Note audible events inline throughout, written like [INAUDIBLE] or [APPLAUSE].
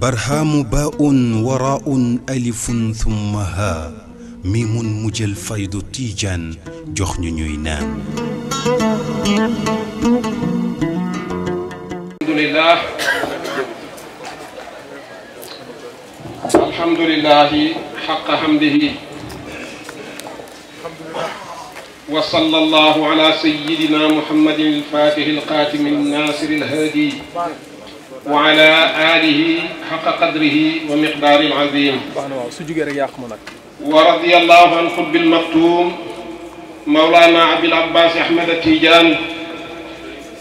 برهام باء وراء ألف ثم ها ميم مجل فيض تيجان جخن نينان الحمد لله الحمد لله حق حمده وصلى الله على سيدنا محمد الفاتح القاتم الناصر الهادي وعلى آله حق قدره ومقدار العظيم ورضي الله عن قطب المكتوم مولانا عبد العباس أحمد التيجان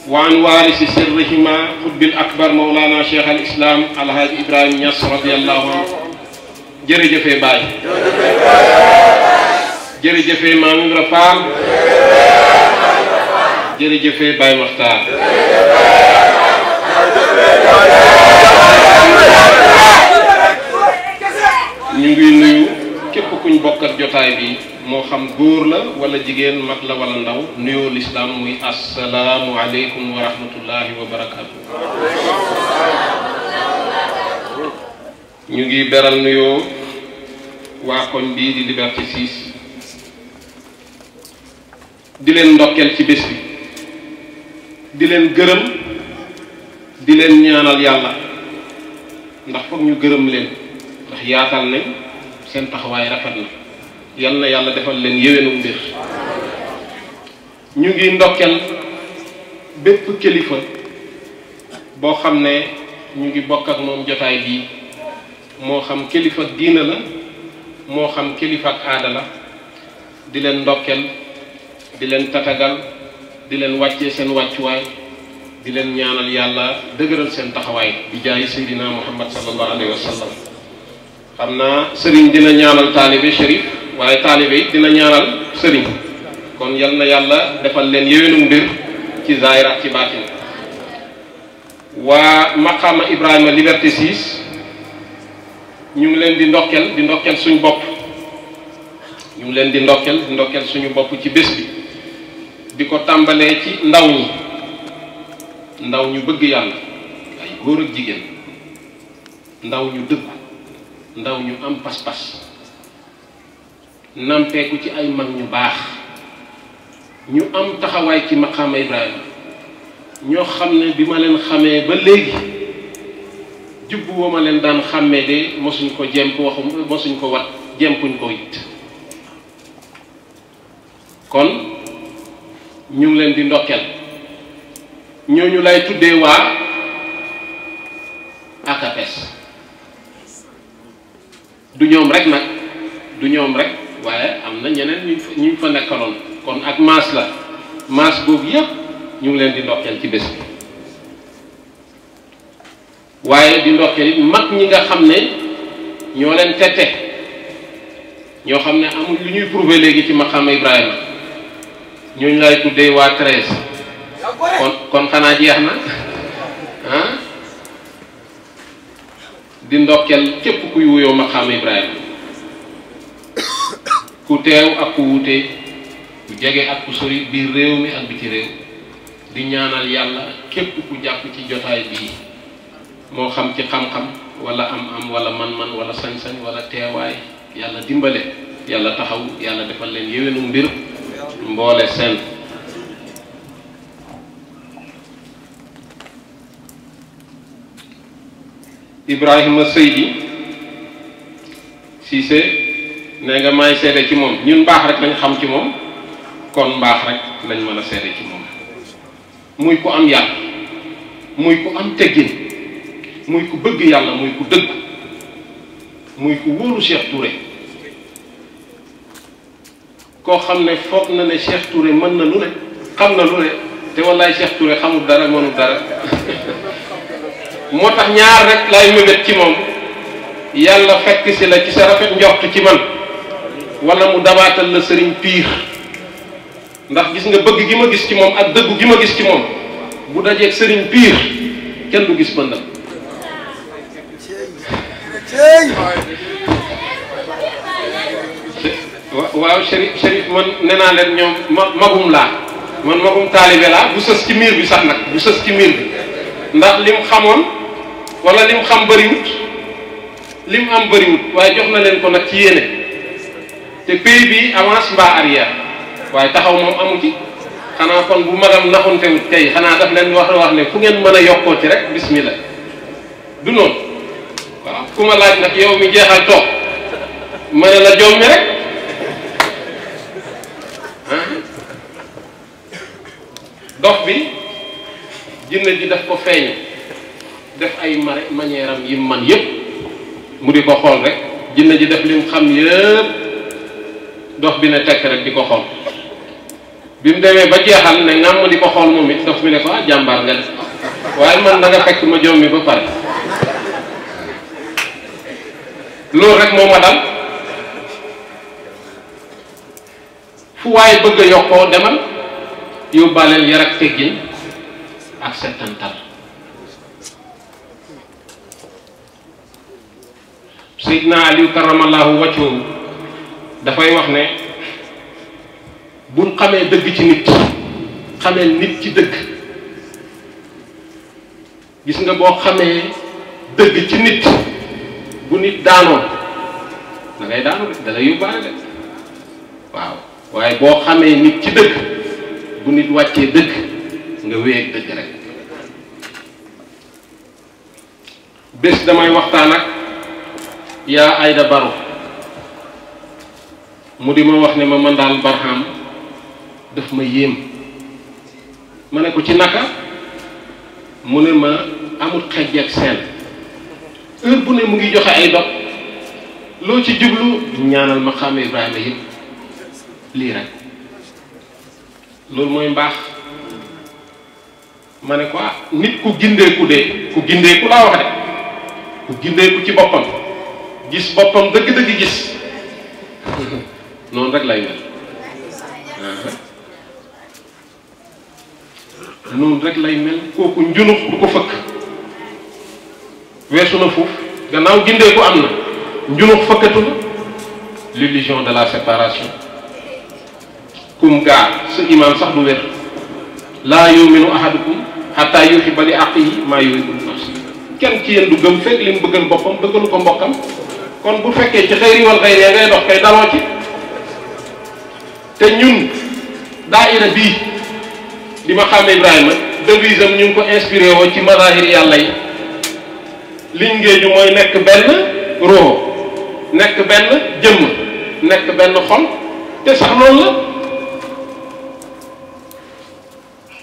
وعن وارث سرهما قطب الأكبر مولانا شيخ الإسلام الهادي إبراهيم يس رضي الله عنه jërëjëfe باي jërëjëfee nga fam jeri jeffe bay waxtan ñu ngi nuyu kep kuñ bokkat jotay bi mo xam goor la wala jigen mag la wala ndaw nuyu l'islam muy assalamu alaykum wa rahmatullahi wa barakatuh ñu ngi beral nuyu wa koñ bi di Liberté 6 di leen ndokkeel ci bés bi di leen gërëm di leen ñaanal yàlla ndax foog ñu gërëm leen ndax yaatal nañ seen taxawaay rafet na yal na yàlla defal leen yéwénu mbir ñu ngi ndokkeel bépp kilifa boo xam ne ñu ngi bokk ak moom jotaay bii moo xam kilifa diina la moo xam kilifa ak aada la di leen ndokkeel di leen tatagal di leen wàccee seen wàccuwaay di leen ñaanal yàlla dëgëral seen taxawaay bi jaay seydina muhammad sallallahu alayhi wa xam naa sëriñ dina ñaanal taalibe shérif waaye taalibe it dina ñaanal sëriñ kon yal na yàlla defal leen yéwénu mbir ci zaahir ci baatin waa maqaama ibrahima liberté 6 ñu ngi leen di ndokkel di ndokkel suñu bokk ñu ngi leen di ndokkel di ndokkel suñu bopp ci bés bi di ko tàmbalee ci ndaw ñi ndaw ñu bëgg yàlla ay góor ak jigéen ndaw ñu dëggu ndaw ñu am pas-pas nampeeku ci ay mag ñu baax ñu am taxawaay ci maqaama Ibrahima ñoo xam ne bi ma leen xamee ba léegi jubbu woo ma leen daan xàmmee de mosuñ ko jemp waxu mosuñ ko wat jempuñ ko it kon ñu leen di ndokkeel ñooñu lay tuddee waa ACAPES du ñoom rek nag du ñoom rek waaye am na ñeneen ñu ñu fa nekkaloon kon ak maas la mas boobu yépp ñu ngi leen di ndokkeel ci bés bi waaye di ndokkeel it mag ñi nga xam ne ñoo leen tette ñoo xam ne amul lu ñuy prouver léegi ci maqaama Ibrahima ñuñ lay tuddee waa treize kon kon xanaa jeex na ah di ndokkeel képp kuy wuyoo maqaam Ibrahima ku teew ak ku wuute ku jege ak ku sori biir réew mi ak bi ci réew di ñaanal yàlla képp ku jàpp ci jotaay bii moo xam ci xam-xam wala am-am wala man-man wala sañ-sañ wala teewaay yàlla dimbale yàlla taxaw yàlla defal leen yéwénu mbir mboole seen Ibrahima Seydi Cissé ne nga may seede ci moom ñun mbaax rek lañ xam ci moom kon mbaax rek lañ mën a seede ci moom muy ku am yàlla muy ku am teggin muy ku bëgg yàlla muy ku dëgg muy ku wóoru Cheikh kure koo xam ne foog na ne Cheikh Touré mën na lu ne xam na lu ne te wallaay Cheikh Touré xamul dara mënul dara [LAUGHS] moo tax ñaar rek lay mébét ci moom yàlla fekk si la ci sa rafet njort ci man walla mu dabaatal la sëriñ piir ndax gis nga bëgg gi ma gis ci moom ak dëggu gi ma gis ci moom bu dajeeg sëriñ piir kenn du gis na waaw Chérif Chérif man nee naa leen ñoom ma magum laa man magum taalibe laa bu sës ci miir bi sax nag bu sës ci miir bi ndax lim xamoon wala lim xam bëriwut mu am bëriwut waaye jox na leen ko nag ci yéene te pays bi avance mbaa arrière waaye taxaw ma amu ci xanaa kon bu magam naxontewut tey xanaa daf leen wax wax ne fu ngeen mën a yokkoo ci rek bismillah du noonu waaw ku laaj nag yow mi jeexal toog ma ne la joom rek dox bi jinne ji def ko feeñ def ay ma manière am man yépp mu di ko xool rek jinne ji def lim xam yëpp dox bi ne tekk rek di ko xool bi mu demee ba jeexal ne ngàmm di ko xool moom it dox bi ne ko ah jàmbaar nga waaye man da nga ma jommi ba pare loolu rek moo ma dal fu waaye bëgg yokkoo demal yóbbaaleel yar ak teggin ak settantal Seydina Aliou karamallahu waccu dafay wax ne buñ xamee dëgg ci nit xamee nit ci dëgg gis nga boo xamee dëgg ci nit bu nit daanoo da ngay daanu yóbbaale de waaw waaye boo xamee nit ci dëkk bu nit wàccee dëgg nga wéy ak dëgg rek bés damay waxtaan ak yaa Ayda Baro mu di ma wax ne ma man daal Barham daf ma yéem ma ne ko ci naka mu ne ma amul xejj ak seen heure bu ne mu ngi joxe ay dog loo ci jublu ñaanal ma xàmme Ibrahima yëpp lii rek loolu mooy mbaax ma ne ko ah, nit ku gindeeku dee ku gindeeku laa wax de ku gindeeku ci boppam gis boppam dëgg-dëgg gis [LAUGHS] noonu rek lay mel noonu rek lay mel kooku njunux du ko fëkk weesu na foofu gannaaw gindeeku am na njunux fëkkatu la l'illusion de la séparation kum gaa su imaam sax du wér laa yuminu ahadukum xataa yuxiba li aqihi maa yuhibu li nafsi kenn ci yéen du gëm fekk li mu bëggal boppam bëggalu ko mbokkam kon bu fekkee ci xëyri wal xëy nee ngay dox kay daloo ci te ñun daaira bii li ma xàmme Ibrahima devise am ñu ngi ko inspiré woo ci mazahir yàlla yi liñ ngéeju mooy nekk benn roo nekk benn jëmm nekk benn xol te sax loolu la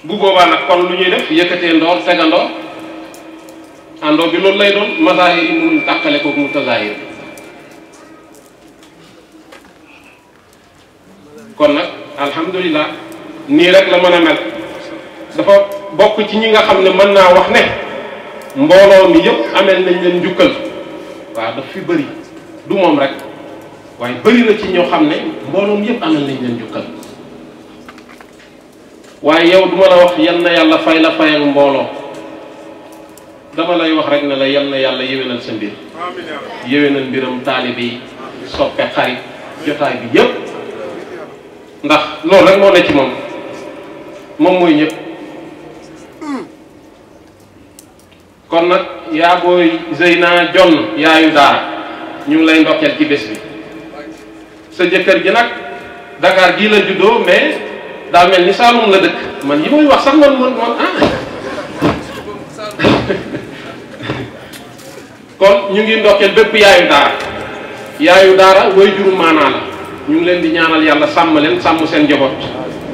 bu boobaa nag kon lu ñuy def yëkkatee ndoor tegandoor àndoo bi loolu lay doon mazaahir yi mënuñ tàqale ko mu tazaahir kon nag alhamdulilah nii rek la mën a mel dafa bokk ci ñi nga xam ne mën naa wax ne mbooloo mi yëpp ameel nañ leen njukkal waaw daf fi bëri du moom rek waaye bëri na ci ñoo xam ne mbooloo yëpp ameel nañ leen njukkal waaye yow duma la wax yal na yàlla fay la fayal mbooloo dama lay wax rek ne la yal na yàlla yéwénal sa mbir yéwénal mbiram taalibe yi soppe xarit jotaay bi yépp ndax loolu rek moo ne ci moom moom mooy ñëpp kon nag yaa booy naa Jonn yaayu daara ñu ngi lay ndokkeel ci bés bi sa jëkkër ji nag Dakar gii la juddoo mais daa mel ni Saalum la dëkk man yi muy wax sax man man man ah. [LAUGHS] kon ñu ngi ndokkeel bépp yaayu daara yaayu daara way juru maanaa la ñu ngi leen di ñaanal yàlla sàmm leen sàmm seen njaboot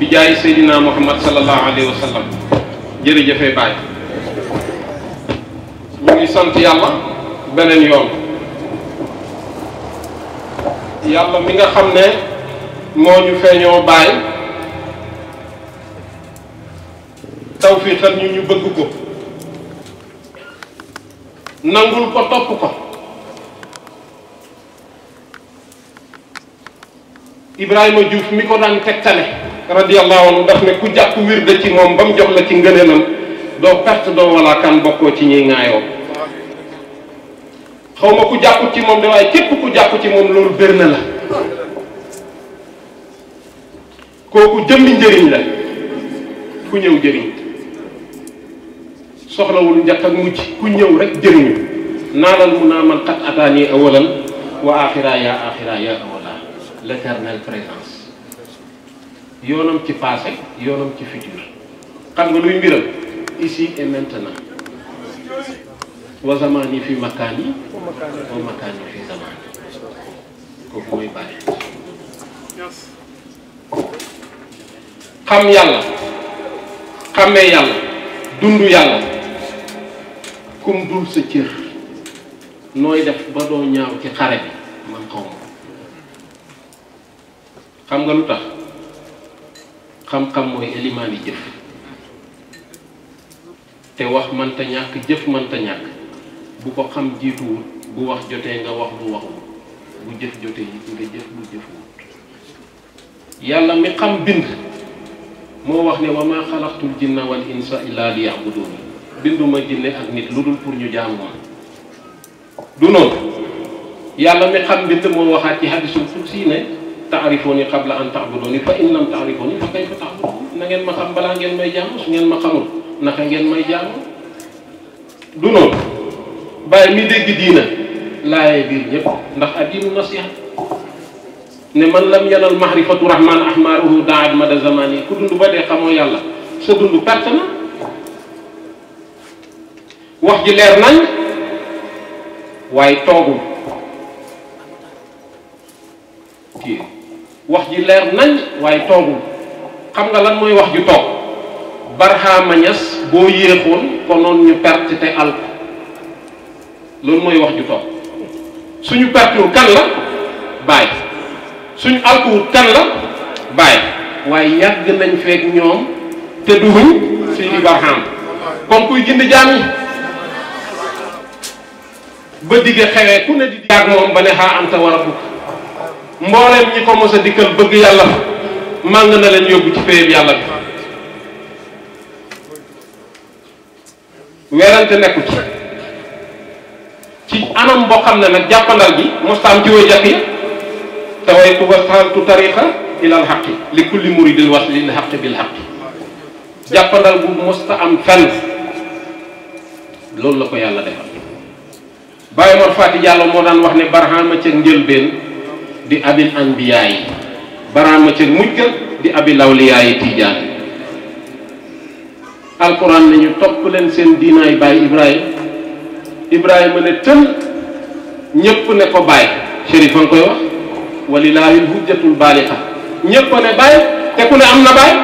bi jaay Seydina Muhammad sallallahu alayhi wa sallam jërëjëfee baay ñu ngi sant yàlla beneen yoon yàlla mi nga xam ne moo ñu feeñoo baay tawfiixal ñu ñu bëgg ko nangul ko topp ko Ibrahima Diouf mi ko daan tegtale radiyallahu anhu daf ne ku jàpp wirde ci moom ba mu jox la ci ngëneelam doo perte doo wala kan bokkoo ci ñuy ŋaayoo xaw ma ku jàpp ci moom de képp ku jàpp ci moom loolu bér na la kooku jëmmi njëriñ la ku ñëw jëriñ soxlawul njàq ak mucc ku ñëw rek jëriñu naalal mu naa man xat ataani awalan wa axira yaa axira yaa awala l'éternelle présence yoonam ci passé yoonam ci futur xam nga luy mbiram ici et maintenant wa zamani fi makaani wa makaani fi zamani kooku mooy bàyyi xam yàlla xàmmee yàlla dund yàlla kum dul sa cër nooy def ba doo ñaaw ci xare bi man xaw ma xam nga lu tax xam-xam mooy élimaan jëf te wax mënta ñàkk jëf mënta ñàkk bu ko xam jiituwul bu wax jotee nga wax bu waxul bu jëf jotee yi nga jëf bu jëful yàlla mi xam bind moo wax ne wa maa xalaqtul jinna wal insa illa liya'budun binduma jinne ak nit lu pour ñu jaamu du noonu yalla mi xam mbind mo waxaat ci hadisul kursi ne ta'rifuni qabla an ta'buduni fa in lam ta'rifuni fa kayfa ta'buduni na ngeen ma xam bala ngeen may jamm su ngeen ma xamul naka ngeen may jamm du noonu bàyyi mi degg diina laye biir ñep ndax adiinu nasiha ne man lam yanal mahrifatu rahman ahmaruhu daad mad zamani ku dund ba de xamoo yalla sa dund perte wax ji leer nañ waaye toogul kii wax ji leer nañ waaye toogul xam nga lan mooy wax ju toog barxaama ñas boo yéexoon konoon ñu perte te al loolu mooy wax ju toog suñu wu kan la bàyyi suñu alkuwul kan la bàyyi waaye yàgg nañ feek ñoom te duhuñ si di barxaam kon kuy gindi jaam yi ba digg xewee ku ne di digg moom ba ne xaa am te war a bugg mbooleem ñi ko mos a dikkal bëgg yàlla màng na leen yóbbu ci péyeb yàlla bi weerante nekku ci anam boo xam ne nag jàppandal gi mostaam ci way yi te way ku wasantu tariqa ilal xaqi li kulli muridin was lil xaqi bil xaqi jàppandal bu mosta am fenn loolu la ko yàlla defal Baye Mor Fati Diallo moo daan wax ne barahama ca njëlbeen di abil anbiyaa yi barahama ca mujj di abil awliyaa yi tiijaan alquran nañu topp leen seen diinaay Baye Ibrahima Ibrahima ne tël ñépp ne ko Baye Chérif a nga koy wax walilaahi hujjatul baalixa ñépp ne Baye te ku ne am na Baye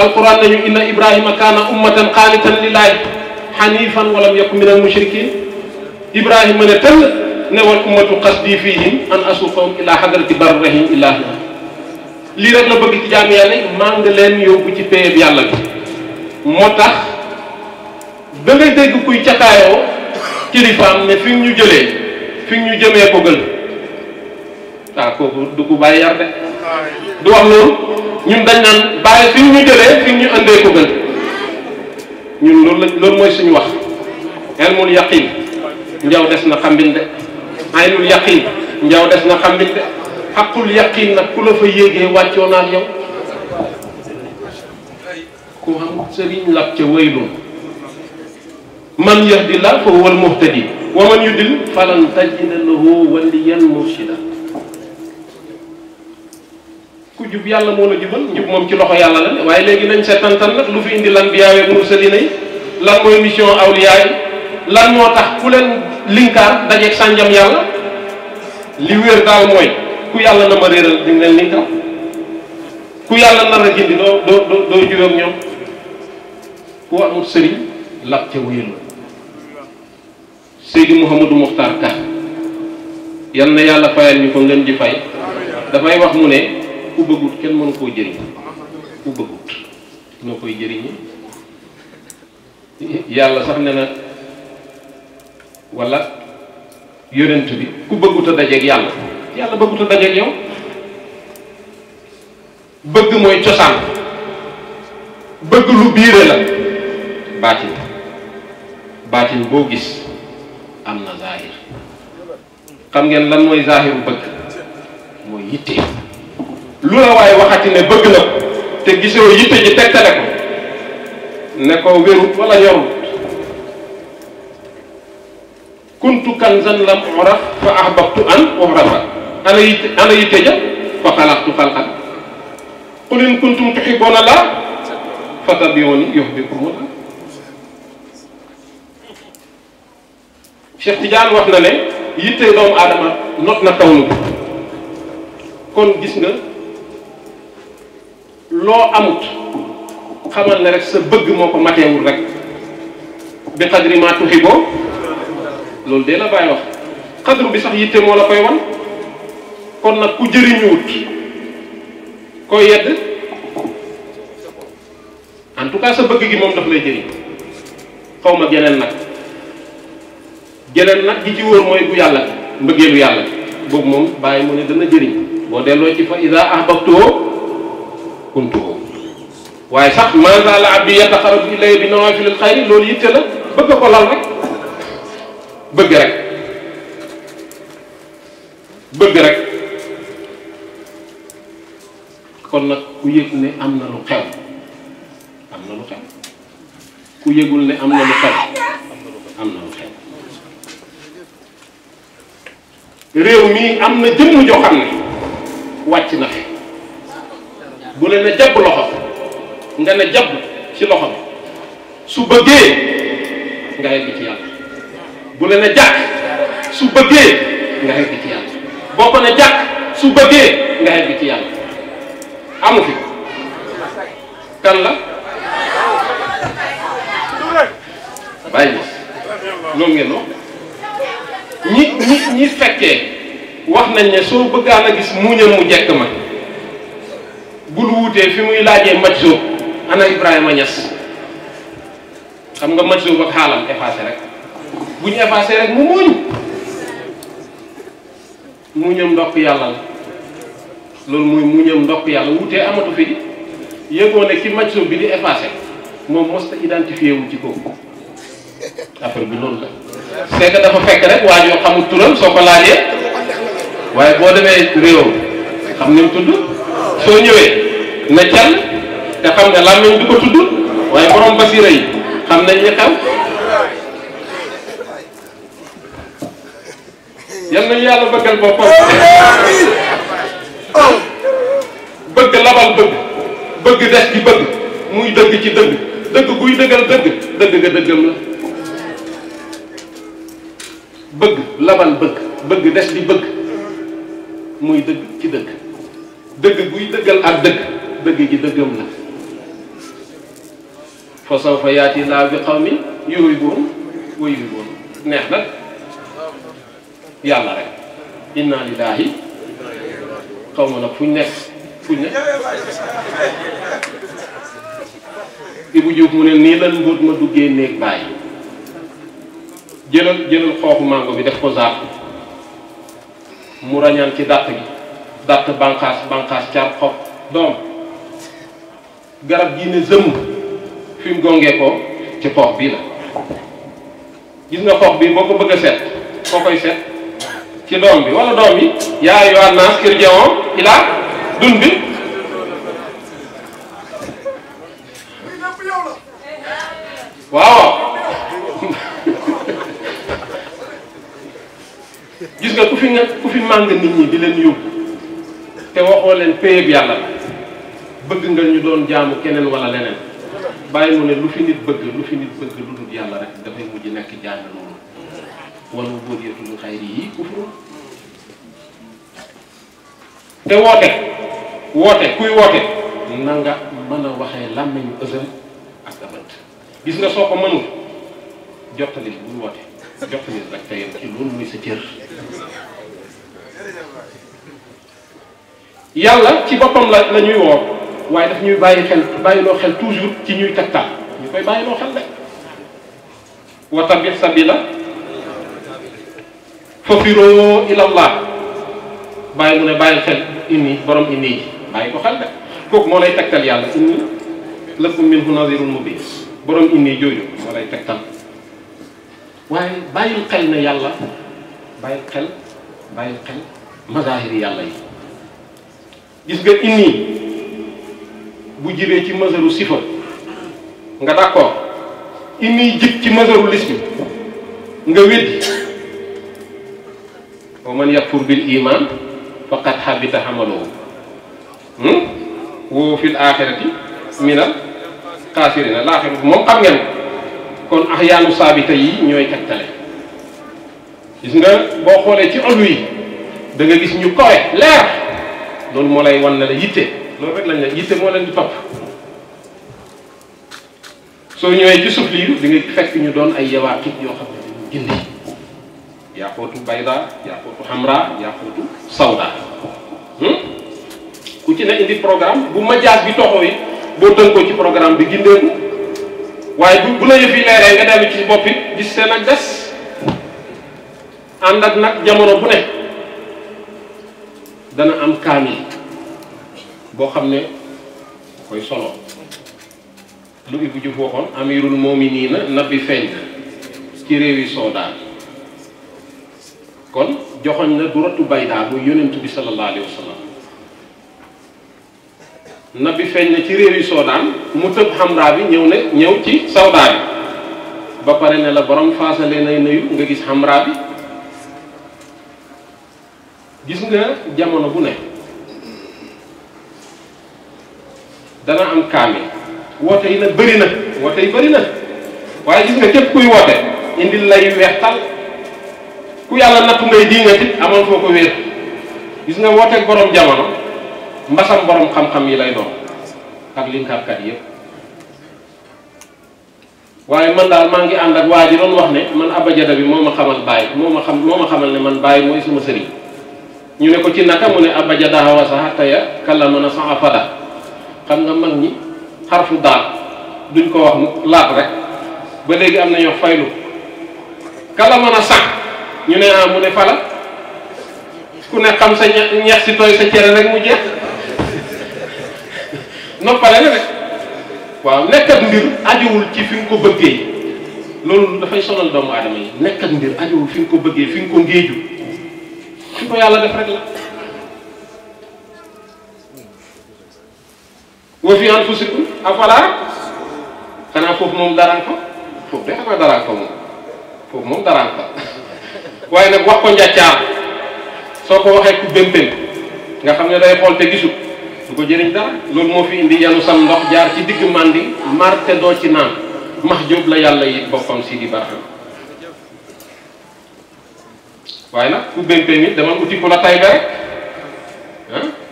alquran nañu inna Ibrahima kaana ummatan qaanitan lillaahi xanifan walam yakun min al mushrikin ibrahima ne tëll ne wal ummatu qasdi fihim an asuqahum ila hadrati barrahim ilahi lii rek la bëgg ci jaam yàlla maa ngi leen yóbbu ci péyeb yàlla bi moo tax da ngay dégg kuy cataayoo kilifaam ne fi ñu jëlee fi ñu jëmee ko gën waaw ah, kooku du ko bàyyi yar du wax loolu ñun dañ naan bàyyi fi ñu jëlee fi ñu andee ko gën ñun loolu la mooy suñu wax ilmul yaqin njaw des na xambin de aynul yaqin njaw des na xambin de xaqul yaqin nag ku la fa yéegee wàccoo naan ku am sëriñ lab ca waylun man yahdillah fa huwa almuhtadi wa man yudil falan tajida lahu waliyan murshida ku jub yàlla moo la jubal jub moom ci loxo yàlla la ne waaye léegi nañ seetantal nag lu fi indi lan biyaawee mursalina yi lan mooy mission awliya yi moo tax ku leen linkaar dajeeg sànjam yàlla li mooy ku yàlla na ma réeral di ku yàlla nar a gindi doo doo doo doo juróom ñoom ku amul sëriñ lab ca wéelu Seydi Mouhamadou Mokhtar Ka yal na yàlla fayal ñu ko ngeen di fay dafay wax mu ne ku bëggut kenn mënu koo jëriñ ku bëggut noo koy jëriñee yàlla sax ne na wala yonent bi ku bëggut a dajeeg yàlla yàlla bëggut a dajeeg yow bëgg mooy cosaan bëgg lu biire la baatin baatin boo gis am na zaahir xam ngeen lan mooy zaahiru bëgg mooy yitte lu la waaye waxati ne bëgg na ko te gisoo yitte ji tegtale ko ne ko wérut wala ñorut kuntu kanzan lam uraf fa ahbabtu an uhrafa ana yitte ana yitte ja fa xalaqtu xalqan qul in kuntum tuhibbuna la fatabiuni yuhbibkumullah Cheikh Tidiane wax na ne yitte doomu aadama not na kaw kon gis nga loo amut xamal ne rek sa bëgg moo ko mateewul rek bi xadri ma tuxiboo loolu dee la bàyyi wax xadru bi sax yitte moo la koy wan kon nag ku jëriñuwut koy yedd en tout cas sa bëgg gi moom daf lay jëriñ xaw ma geneen nag geneen nag gi ci wóor mooy bu yàlla mbëggeelu yàlla boobu moom bàyyi mu ne dana jëriñ boo delloo ci fa ida ahbabtoo kuntuhu waaye sax ma zaala abdi yataqarrabu ilayya bi nawaafilil xayri loolu yitte la bëgg ko lal rek bëgg rek rek kon nag ku yëg ne am na lu xew am na lu xew ku yëgul ne am na lu xew am na lu xew réew mii am na jëmm joo ne wàcc na fi bu ne jàpp loxo nga ne jàpp ci loxo bi su bëggee nga yegg ci yàlla bu ne jàkk su bëggee nga yegg ci yàlla boo ko kan la bàyyi loolu ngeen wax ñi ñi ñi fekkee wax nañ ne soo bëggaan a gis muñal mu jekk ma bul wuté fi muy lajé majjo ana Ibrahima ñass xam nga majjo ak xaalam effacer rek buñu effacer rek mu muñ muñam ndokk yalla lool muy mooy muñam ndokk yalla wuté amatu fi di yëgoo ne ki majjo bi di effacé moom mosta identifier wu ci ko affaire bi lool la c'est que dafa fekk rek waa joo xamul turam soko lajé waye bo démé réew xam ni mu tudd soo ñëwee nga jàll te xam nga làmmiñ du ko tudd waaye borom basira yi xam nañ ne xew yal nañu yàlla bëggal boppam bëgg labal bëgg bëgg des di bëgg muy dëgg ci dëgg dëgg guy dëggal dëgg dëgg nga dëggam la bëgg labal bëgg bëgg des di bëgg muy dëgg ci dëgg dëgg guy dëggal ak dëgg dëgg ji dëggam la fa sawfa yaati laa bi qawmin yuhibbuhum wa yuhibbunahu neex nag yàlla rek inna lillahi xaw ma nag fu ñu nekk fu ñu nekk Ibou Diouf mu ne nii lan mbóot ma duggee néeg bàyyi jëlal jëlal xooxu mango bi def ko zaaq mu rañaan ci dàtt gi dàtt banqaas banqaas car xob doom garab gii ne zëmm fi mu gongee ko ci xoox bii la gis nga xoox bii boo ko bëgg a seet foo koy seet ci doom bi wala doom yi yaa yoan naas kër jawoon ilaa dun bi waaw gis nga ku fi nga ku fi màng nit ñi di leen yóbbu te waxoo leen péyeb yàlla bëgg nga ñu doon jaamu keneen wala leneen bàyyi mu ne lu fi nit bëgg lu fi nit bëgg lu dul yàlla rek dafay mujj nekk jàng loolu wala boo kuy woote na nga mën a waxee làmmiñu ësal ak abant gis nga soo ko mënul jottali bul woote jottali rek te yem ci loolu yàlla ci boppam la lañuy ñuy waaye daf ñuy bàyyi xel bàyyiloo xel toujours ci ñuy tegtal ñu koy bàyyiloo xel de watabix sabila fafiroo allah bàyyi mu ne bàyyi xel inni borom inni yi bàyyi ko xel de kooku moo lay tegtal yàlla inni lakum minhu nazirun mubin borom inni jooju moo lay tegtal waaye bàyyil xel na yàlla bàyyi xel bàyyi xel mazahiri yàlla yi gis nga inni bu jibee ci mazaru sifa nga d'accord iniy jib ci mazaru lismi nga weddi wa man yakfur bil iman faqad habita amaloo hmm? woo fil axirati minal xaasirina laaxira moom xam ngeen kon axyaanu saabita yi ñooy tegtale gis nga boo xoolee ci olu yi da gis ñu kawe leer loolu moo lay wan na la yitte loolu rek lañ la yitte moo leen di topp soo ñëwee ci suuf lii di nga fekk ñu doon ay yawaakit yoo xam ne dañu gindi yaaxootu bayda yaaxootu hamra yaaxootu sawda hmm? ku ci ne indi programme bu majaas bi toxoo yi boo tënkoo ci programme bi gindeeku waaye bu bu la yëf yi leeree nga dellu ci bopp it gis ak des ànd ak jamono bu ne dana am kaamil boo xam ne koy solo lu Ibou Diouf waxoon amirul moominiina nabi feeñ ci réew yi soodaa kon joxoñ na du ratu baydaa bu yonent bi sallallahu wa sallam nabi feeñ na ci réew yi soodaan mu tëb xamraa bi ñëw ne ñëw ci sawdaa bi ba pare ne la borom faasale nay nuyu nga gis xamraa bi gis nga jamono bu ne dana am kaamil woote yi nag bëri na woote yi bëri na waaye gis nga képp kuy woote indil lay weextal ku yàlla nattu ngay di nga tit amoon foo ko wéer gis nga wooteeg boroom jamono mbasam borom xam-xam yi lay doon ak linkarkat yëpp waaye man daal maa ngi ànd ak waa ji doon wax ne man abajada bi moo ma xamal bàyyi moo ma xamal ne man bàyyi mooy suma sëriñ ñu ne ko ci naka mu ne abajada hawa sahataya kalla mën a saha fada xam nga mag ñi xarfu daal duñ ko wax laab rek ba léegi am na ñoo faylu kala mën a sax ñu ne ah mu ne fala ku ne xam sa ñeex si tooy sa cere rek mu jeex noppale la rek waaw nekk ak mbir ajuwul ci fi nga ko bëggee loolu dafay sonal doomu aadama yi nekk ak mbir ajuwul fi nga ko bëggee fi nga ko ngéeju fi ko yàlla def rek la wa fi anfusikum afala xanaa foofu mom daran ko foofu de xanaa daran ko moom foofu moom daraan fa [LAUGHS] waaye nag wax ko njàccaar soko waxe ku bémpén nga xamne day xol te gisut du ko jeriñ dara loolu mo fi indi yanu sam ndox jaar ci digg mandi marté do ci nan mahjub la yalla yi boppam sidi barham way nak ku bémpén ni dama uti ko la taybe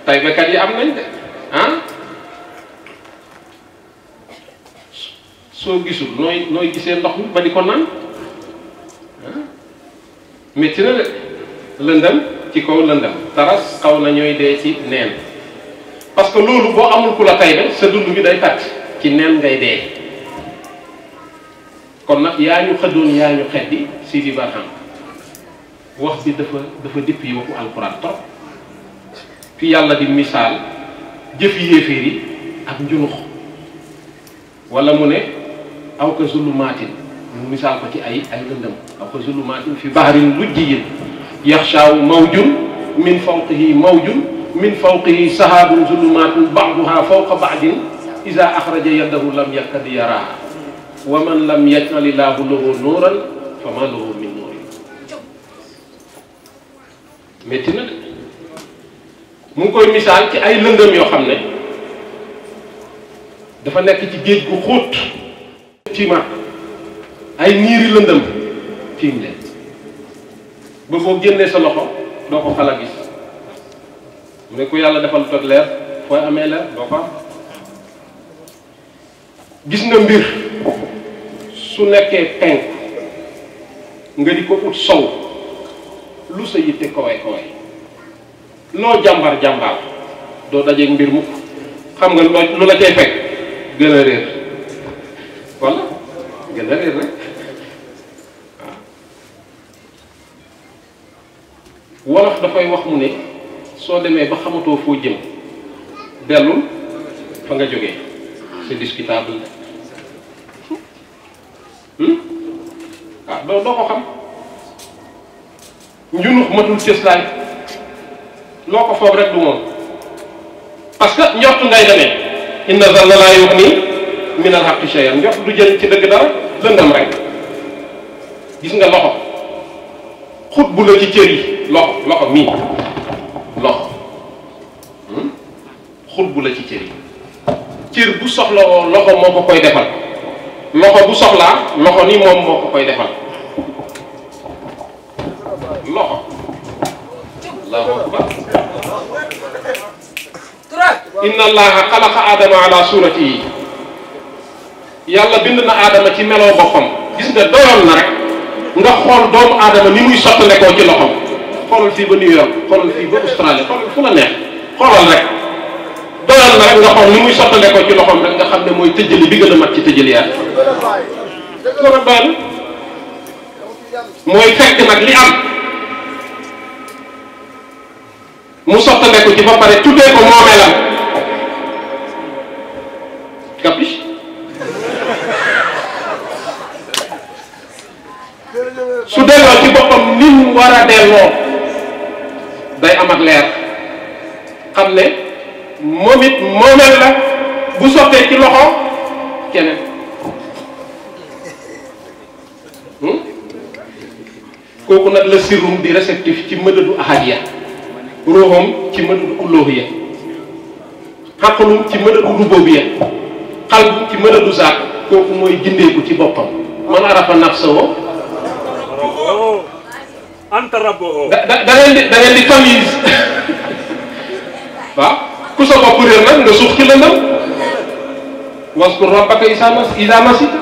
rek ah kat yi am nañ de ah soo gisul nooy nooy gisee ndox mi ba di ko naan ah. métti na de lëndam ci kaw lëndam taras xaw na ñooy dee ci neen parce que loolu boo amul ku la taybe sa dund bi day tàkk ci neen ngay dee kon nag yaa ñu xëddoon yaa ñu xeddi si di barham wax bi dafa dafa dipp yi waxu alxuraan trop fi yàlla di misaal jëf yéeféer yi ak njunux wala mu ne أو كظلمات مثال كتي أي أي غندم أو كظلمات في بحر لجي يخشى موج من فوقه موج من فوقه سحاب ظلمات بعضها فوق بعض إذا أخرج يده لم يكد يراها ومن لم يجعل الله له نورا فما له من نور متنا ممكن مثال كي أي لندم يو خمنا دفا نك تي جيج خوت tiimaat ay niiri lëndëm tiim leen ba boo génnee sa loxo doo ko xala gis yàlla defal leer amee leer gis nga mbir su nekkee penk nga di ko ut sow lu sa yitte kaway kaway loo jàmbar jàmbar doo dajeeg mbir mukk xam nga lu la fekk gën a réer wala gën a réer rek wolof wax mu ne so demé ba xamato fo jëm delu fa nga joggé c'est discutable hmm? ah do do ko xam njunux matul cëslaay loko ko rek du mom parce que ñortu ngay demé inna zanna laa minal xaqi shay'an njort du jël ci dëgg dara lëndam rek gis nga loxo xut bu la ci cër yi loxo loxo mii loxo hmm? xut bu la ci cër yi cër bu soxla woo loxo moo ko koy defal loxo bu soxlaa loxo ni moom moo ko koy defal loxo allahu akbar inna allaha xalaqa adama ala suratihi yàlla bind na aadama ci meloo boppam gis nga doyoon na rek nga xool doomu aadama ni muy sottandekoo ci loxoom xoolal fii ba New York xoolal fii ba Australie xoolal fu la neex xoolal rek doyoon na rek nga xool ni muy sottandekoo ci loxoom rek nga xam ne mooy tëjali bi gën a mat ci tëjali yàlla loolu mooy fekk nag li am mu sottandeku ci ba pare tuddee ko moomeelam capiche liñ war a delloo day am ak leer xam ne moom it moomeel la bu sottee ci loxo keneen hmm? kooku nag la sirum bi réceptif ci mëdadu ahadiya ruuxam ci mëdadu uluhiya xaqalum ci mëdadu rububiya xalbu ci mëdadu zaat kooku mooy jindeeku ci boppam man arafa nafsahu anta rabbuhu da da da ngeen di da ngeen di tamise [LAUGHS] waaw ku sa bopp réer nag nga suux ci lëndëm waskur rabbaka isaa mas isaa masita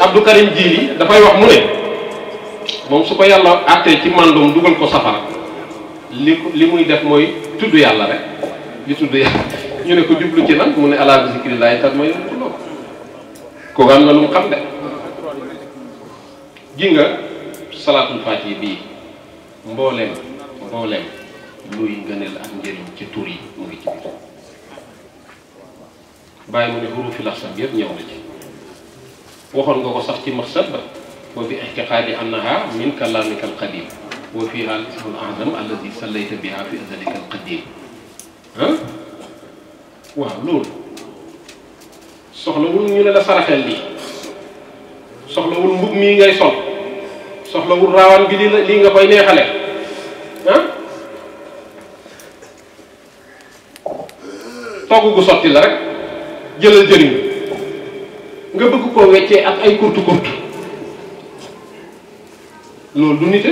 Abdou Karim Jili dafay wax mu ne moom su ko yàlla àttee ci màndoom dugal ko safara li li muy def mooy tudd yàlla rek di tudd yàlla ñu ne ko jublu ci nan mu ne alaa bi zikrillaahi mooy ko kooku lu mu xam de ji nga salatu faatiha bi mbollem mbollem luy gënal ak ngeen ci tour yi mo ngi ci biir bàyyi mu ne xurufi laxsab yeb ñëw na ci waxon nga ko sax ci maxsab ba wa bi ixtiqaadi annaha min kalaamika alqadim wa fiha al ismu al azam alladi sallayta biha fi azalika alqadim wa lool soxla soxlawul ñu ne la saraxel li soxla soxlawul mbub mi ngay sol soxlawul raawaan bi li lii nga koy neexale ah togg gu sotti la rek jëlal jëriñ nga bëgg koo weccee ak ay kurtu kurtu loolu du nite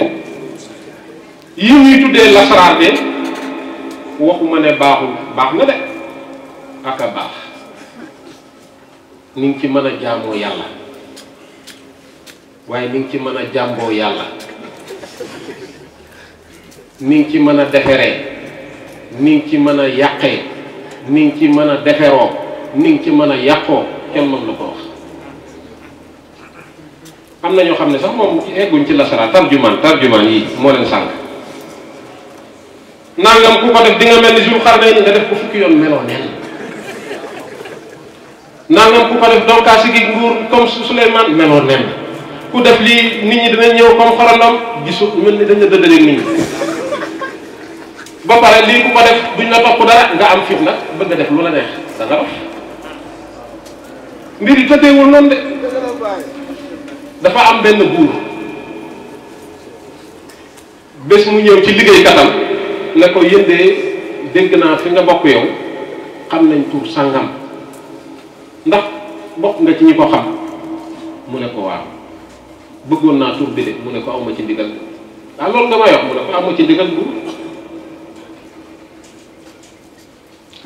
yi ñuy tuddee lasaraar de waxuma ne baaxul baax na de ak a baax ni ci mën a jaamoo yàlla waaye mi ngi ci mën a jàmboo yàlla ni ci mën a deferee ni ngi ci mën a yàqee ni ngi ci mën a deferoo ni ngi ci mën a yàqoo kenn mën la ko wax am na ñoo xam ne sax moom egguñ ci lasara tarjumaan tarjumaan yi moo leen sànq nangam ku ko def di nga mel ni Zul Qarnayni nga def ko fukki yoon meloo neen nangam ku ko def donkaasi gi nguur comme Souleymane meloo neen bu def lii nit ñi dinañ ñëw comme ni dañ la dëddale nit ñi ba pare lii ku ko def duñ la bokk dara nga am fitna bëgg a def lu la neex da nga dof mbir am benn buur bés mu ñëw ci liggéey naa fi nga bokk yow xam nañ tur sàngam ndax bokk nga ci ñi ko xam mu ne ko waaw bëggoon naa tur bi de mu ne ko awma ci ndigal ah loolu nga may wax mu ne ko awma ci ndigal buur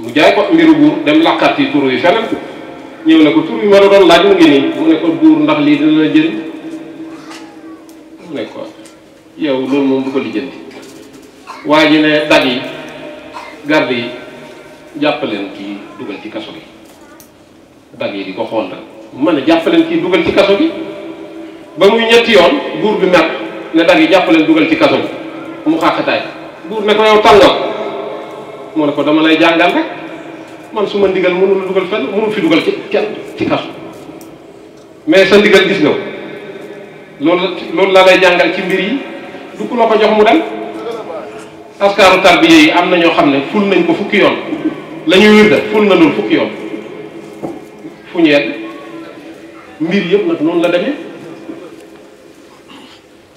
mu jaay ko mbiru buur dem làqati tur yi feneen ñëw ne ko tur yi ma la doon laaj mu ngi nii mu ne ko buur ndax lii dina la jëriñ mu ne ko yow loolu moom du ko lijjanti waa ji ne dag yi garde yi jàppaleen kii dugal ci kaso gi dag yi di ko xool rek mu ne jàppaleen kii dugal ci kaso gi ba muy ñetti yoon nguur bi mer ne dagi yi duggal dugal ci kaso mu xaxataay nguur ne ko yow tal mo ne ko dama lay jangal rek man suma ndigal ndigal mënul dugal fenn mënul fi duggal ci kenn ci kaso mais sa ndigal gis nga loolu loolu la lay jangal ci mbir yi du ko lako jox mu dal askaru tarbiya yi am na xamne ful nañ ko fukki yoon lañu wirda ful na fukki yoon fu mbir yëpp nak noonu la demee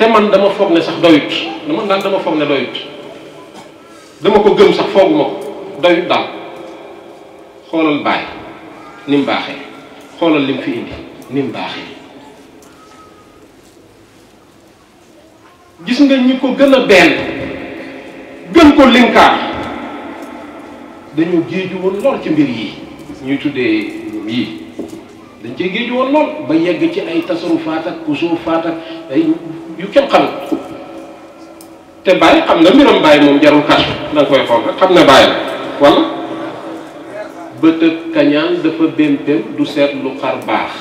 te man dama foog ne sax doyut man daal dama foog ne dama ko gëm sax fooguma ko doyut daal xoolal baay nim mu baaxee xoolal li fi indi ni baaxee gis nga ñi ko gën a benn gën ko linkaar dañu géeju woon lool ci mbir yi ñuy tuddee yii dañ cee géeju woon lool ba yegg ci ay tasarufaat ak kusuufaat ak ay yu kenn xam te bàyyi xam na mbiram bàyyi moom jarul kasu da koy xool xam na bàyyi la wala bëtëb kañaan dafa bém du seet lu xar baax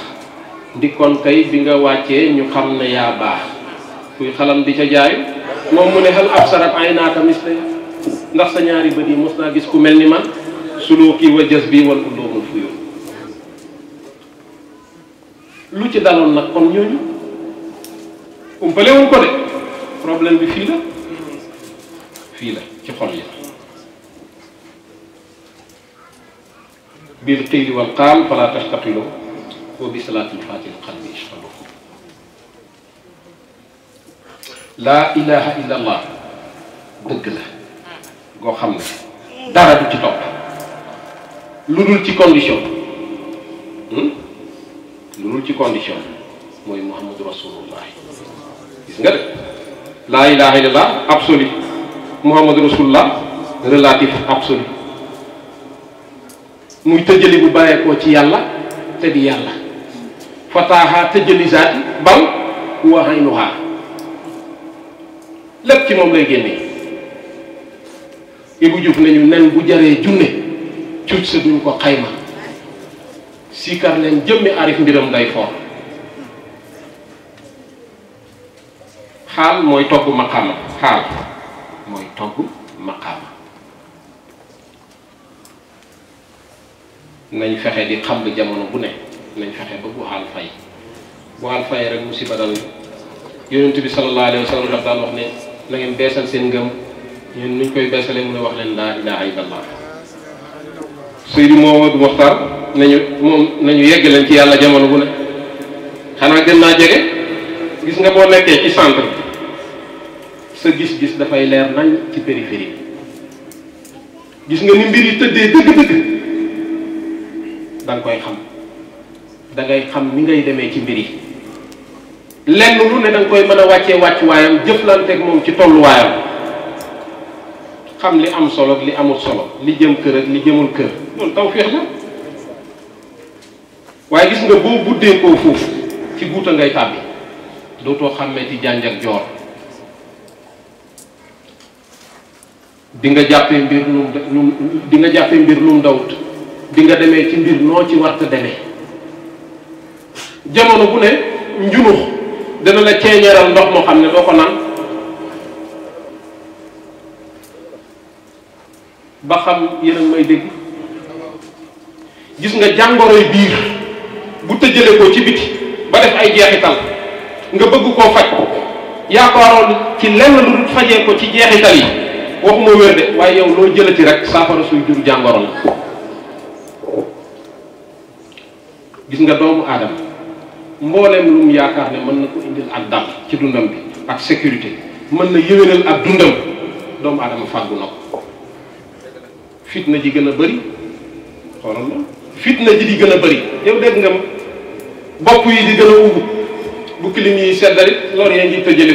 kon kay bi nga wàccee ñu xam ne yaa baax kuy xalam di ca jaay moom mu ne xel ab sarab ay naaka misla ndax sa ñaari bët yi mos naa gis ku mel ni man suluki wa jës bi wan ko doomu fuyoon lu ci daloon nag kon ñooñu umpale wuñ ko de problème bi fii la fii la ci xol yi bil qiil wal qaal fala tastaqilu wa bi salaatil faatil qalbi ishqalu laa ilaha illa allah dëgg la goo xam ne dara du ci topp lu dul ci condition lu dul ci condition mooy muhammadu rasulullah gis nga de laa ilaha illallah absolu muhammadu rasulullah relatif absolu muy tëjali bu bàyyeekoo ci yàlla te di yàlla fataaha tëjali zaati bal wa aynuha lépp ci moom lay génnee Ibou Diouf nañu nen bu jaree junne cuuc sa duñ ko xayma siikar leen jëmmi arif mbiram day foor xaal mooy togg maqaama xaal mooy togg maqaama nañ fexe di xam bi jamono bu ne nañ fexe ba bu xaal fay bu xaal fay rek musiba dal yonent bi sallallahu alayhi wax ne na beesal seen ngëm ñun nuñ koy beesalee mu ne wax leen laa ilaha illallah Seydi Mouhamadou Mokhtar nañu moom nañu yegg leen ci yàlla jamono bu ne xanaa gën naa jege gis nga boo nekkee ci centre sa gis-gis dafay leer nañ ci périphérie gis nga ni mbir yi tëddee dëgg-dëgg da koy xam dangay xam ni ngay demee ci mbir yi lenn lu ne da koy mën a wàccee wàccuwaayam jëflanteeg moom ci tolluwaayam xam li am solo li amul solo li jëm kër ak li jëmul kër loolu tawfeex la waaye gis nga boo buddee koo foofu ci guuta ngay tàbbi dootoo xàmmee ci jànj ak joor di nga jàppee mbir lum lum di nga jàppee dawut di nga demee ci mbir noo ci warta demee jamono bu ne njunux dana la ceeñeeral ndox moo xam ne doo ko naan ba xam yéen may dégg gis nga jàngoroy biir bu tëjale ko ci biti ba def ay jeexital nga bëgg koo faj yaakaaroon ci lenn lu fajee ko ci jeexital yi waxuma wër de waaye yow loo jëlati rek safara suñu jur jàngoro la gis nga doomu adam mbooleem lu mu yaakaar ne mën na ko indil ak dal ci dundam bi ak sécurité mën na yëwénal ak dundam doomu adam fàggu na fitna ji gëna bari xolal la fitna ji di gëna bari yow dégg nga bokku yi di gëna wu bu kilim yi seddalit lor yaa ngi tëjale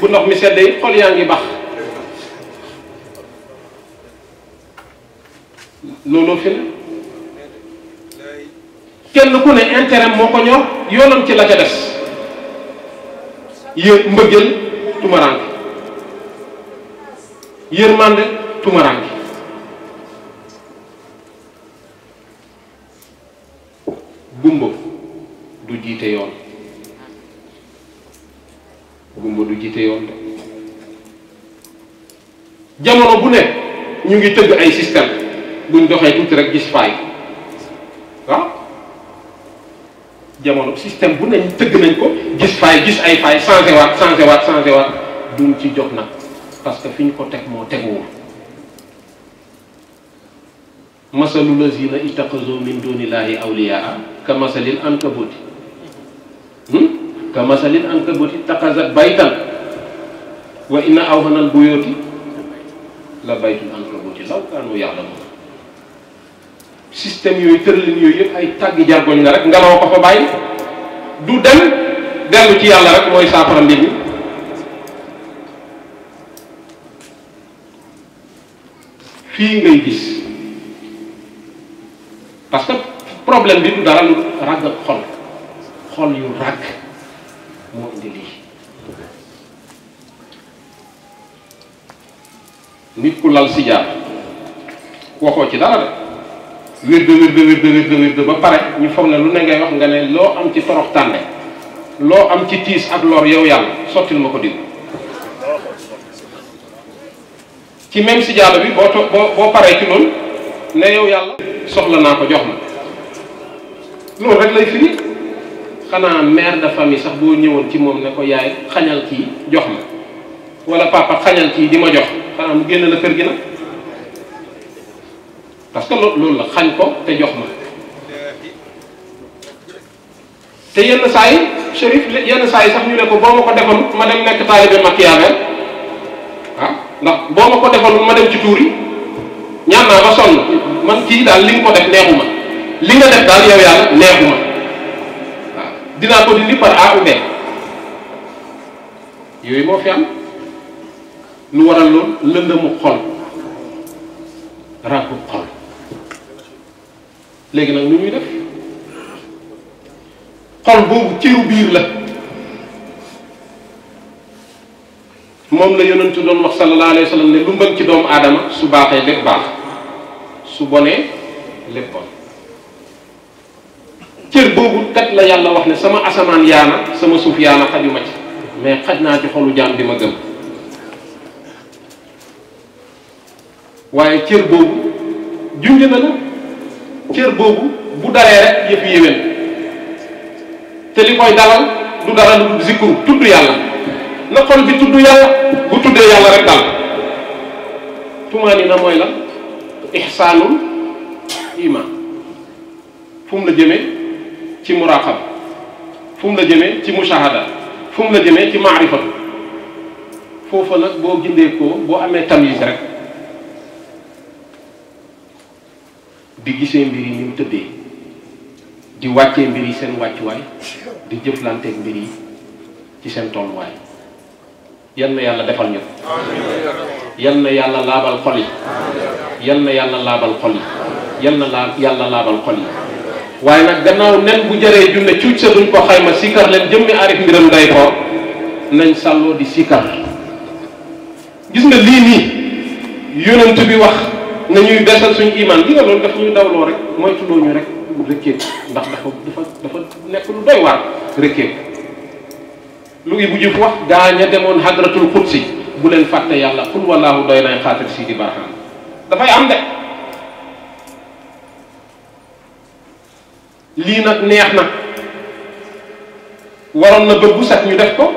bu ndox mi sédé xol yaangi bax looloo fi ne kenn ku ne intérêt moo ko ñor yoonam ci la ca des yër mbëggeel tumaranke yërmande tumaranke gumba du jiite yoon gumba du jiite yoon jamono bu ne ñu ngi tëgg ay système buñ doxee tuuti rek gis faay waaw jamono système bu nañ tëgg nañ ko gis faay gis ay faay changé waat changé waat changé waat ci jot na parce que fi ñu ko teg moo teguwul masalu lazina ittaxazu min dunillahi awliyaa ka masalil ankaboti hmm? ka masalil ankaboti taxazat baytan wa inna awhanal buyooti la baytul ankaboti law kaanu ya'lamuun système yooyu tëralin yooyu yëpp ay tàggi jargoñ nga rek ngalaw ko fa bàyyi du dem dellu ci yàlla rek mooy saafara mbir mi fii ngay gis parce que problème bi du dara lu ràgg ak xol xol yu ràgg moo indi lii nit ku lal si jaar waxoo ci dara rek wirdu wirdu wirdu wirdu wirdu ba pare ñu foog ne lu ne ngay wax nga ne loo am ci torox tànne loo am ci tiis ak lor yow yàlla sottil ma ko diw ci même si jaalo bi boo boo boo paree ci loolu ne yow yàlla soxla naa ko jox ma loolu rek lay firi xanaa mère de famille sax boo ñëwoon ci moom ne ko yaay xañal kii jox ma wala papa xañal kii di ma jox xanaa mu génn la kër gi nag parce que loolu la xañ ko te jox ma te yenn saa yi shérif yenn saa yi sax ñu ne ko boo ma ko defal ma dem nekk taalibe makiyaabeel ah ndax boo ma ko defal ma dem ci tuur yi ñaan naa ba sonn man kii daal li nga ko def neexuma li nga def daal yow yàlla neexuma waaw ah, dinaa ko li par A ou B yooyu moo fi am lu waral loolu lëndamu xol rànku xol léegi nag lu ñuy def xol boobu cëru biir la moom la yonentu doon wax sallallahu alayhi wa sallam ne lu mbël ci doomu aadama su baaxee lépp baax su bonee lépp cër boobu kat la yàlla wax ne sama asamaan yaana sama suuf yaana xajuma ci mais xaj naa ci xolu jaam bi ma gëm waaye cër boobu junj na la cër boobu bu dalee rek yëpp yéwén te li koy dalal du dara lu zikru tudd yàlla na bi tudd yàlla bu tuddee yàlla rek dal tumaanina mooy la ixsaanul iman fu la jëmee ci muraqaba fu la jëmee ci mushahada fu la jëmee ci maarifatu foofa nag boo gindee ko boo amee tamis rek di gisee mbir yi ni mu tëddee di wàccee mbir yi seen wàccuwaay di jëflanteeg mbir yi ci seen tolluwaay yal na yàlla defal ñu yal na yàlla laabal xol yal na yàlla laabal xol yi yal na laa yàlla laabal xol yi waaye nag gannaaw nen bu jëree junne cuuj sa duñ ko xayma sikar leen jëmmi arif mbiram day ko nañ sàlloo di sikar gis nga lii nii yonent bi wax nañuy beesal suñu iman gi nga loolu daf ñuy dawloo rek mooy ñu rek rëkkee ndax dafa dafa dafa nekk lu doy waar rëkkee lu Ibu Juuf wax gaa ña demoon hadratul qudsi bu leen fàtte yàlla xul walaahu doy nañ xaatir si di barxaan dafay am de lii nag neex na waroon na bët bu set ñu def ko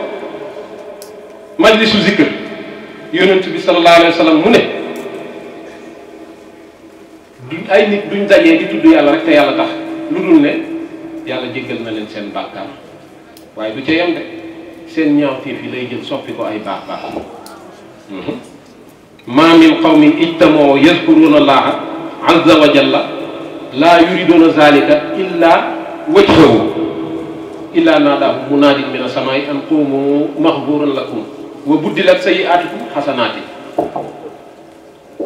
majlisu zikr yonent bi sallallahu alayhi wa sallam mu ne duñ ay nit duñ dajee di tudd yàlla rek te yàlla tax lu dul ne yàlla jéggal na leen seen bàkkaar waaye du ca yem de seen ñaawteef yi lay jël soppi ko ay baax baax mhm. ma min qawmin ijtamoo yadkuruna allaha azza wa jalla laa yuriduna zalika illa wajhahu illa naadahu munaadin min asamaai an quumu maxburan lakum wa buddilat sayiaatikum xasanaati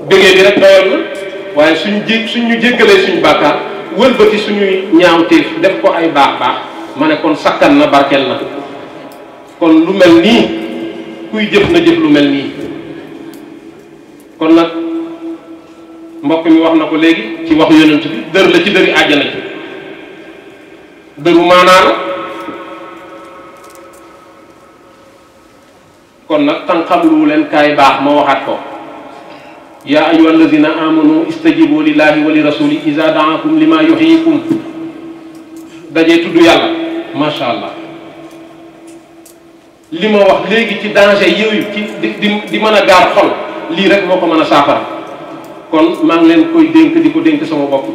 bëggee bi rek doyoon na waaye suñ jé suñ ñu jéggalee suñ bàkkaar wëlbati suñuy ñaawteef def ko ay baax baax ma ne kon sakkan na barkeel na kon lu mel nii kuy jëf na jëf lu mel nii kon nag mbokk mi wax na ko léegi ci waxu yonent bi dër la ci dëri àjjana ci dëru maanaa kon nag tan xam lu leen kaay baax ma waxaat ko yaa ayuha alladina amanu istajibu lillahi wa li rasuli ida daakum lima yuhyikum dajee tudd yàlla macha allah li ma wax léegi ci danger yooyu ci di di mën a gaar xol lii rek moo ko mën a saafara kon maa ngi leen koy dénk di ko dénk sama bopp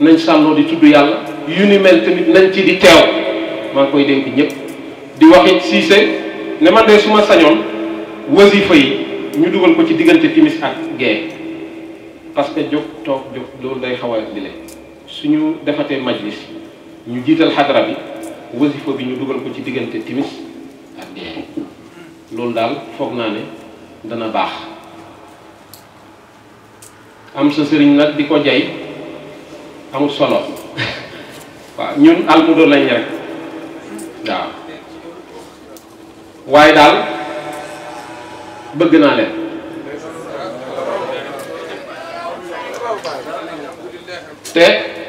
nañ sàlloo di tudd yàlla yu ni mel tamit nañ ci di teew maa ngi koy dénk ñëpp di wax it Cissé ne man de su ma sañoon wasifa yi ñu dugal ko ci diggante timis ak gee parce que jóg toog jóg loolu day xaw a dile suñu defatee majlis ñu jiital xadra bi wasifa bi ñu dugal ko ci diggante timis ak gee loolu daal foog naa ne dana baax am sa sëriñ nag di ko jay amul solo [LAUGHS] waaw ñun almudo lañ rek waaw waaye daal bëgg naa leen te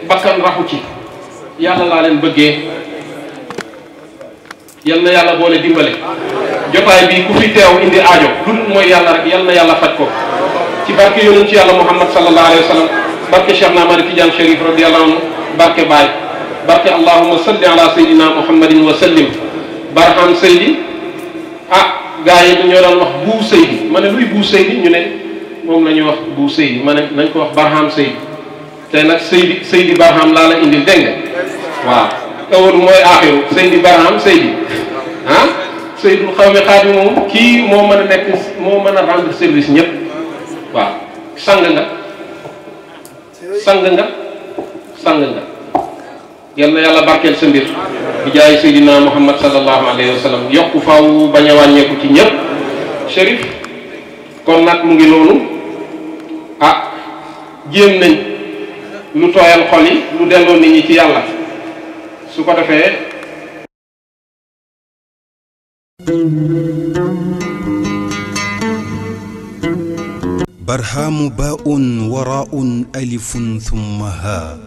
bakkan raxu ci yàlla laa leen bëggee yal na yàlla boole dimbale jotaay bi ku fi teew indi aajo dul mooy yàlla rek yal na yàlla faj ko ci barke yonent ci yàlla muhammad sallallahu alayhi wa sallam barke Cheikh Naamari Tidiane Chérif radiyallahu anhu barke Baay barke allahuma salli ala sayyidina muhammadin wa sallim barham saydi gaa yi ñoo doon wax buu sëy bi ma luy buu sëy ñu ne moom la ñuy wax buu sëy bi ma nañ ko wax barham sëy bi te nag sëy bi sëy bi barham laa la indil dégg nga waaw awalu mooy aaxiru sëy bi barham sëy bi ah sëy du xaw mi xaat moom kii moo mën a nekk moo mën a rendre service ñëpp waaw sang nga sang nga sang nga yalla yalla barkel sa mbir bi jaay sayidina muhammad sallallahu Alaihi wasallam yok faaw baña ko ci ñepp sharif kon nak mu ngi lolu ah jëm nañ lu toyal xol yi lu delo nit ñi ci yalla su ko defé برهام باء وراء ألف ثم هاء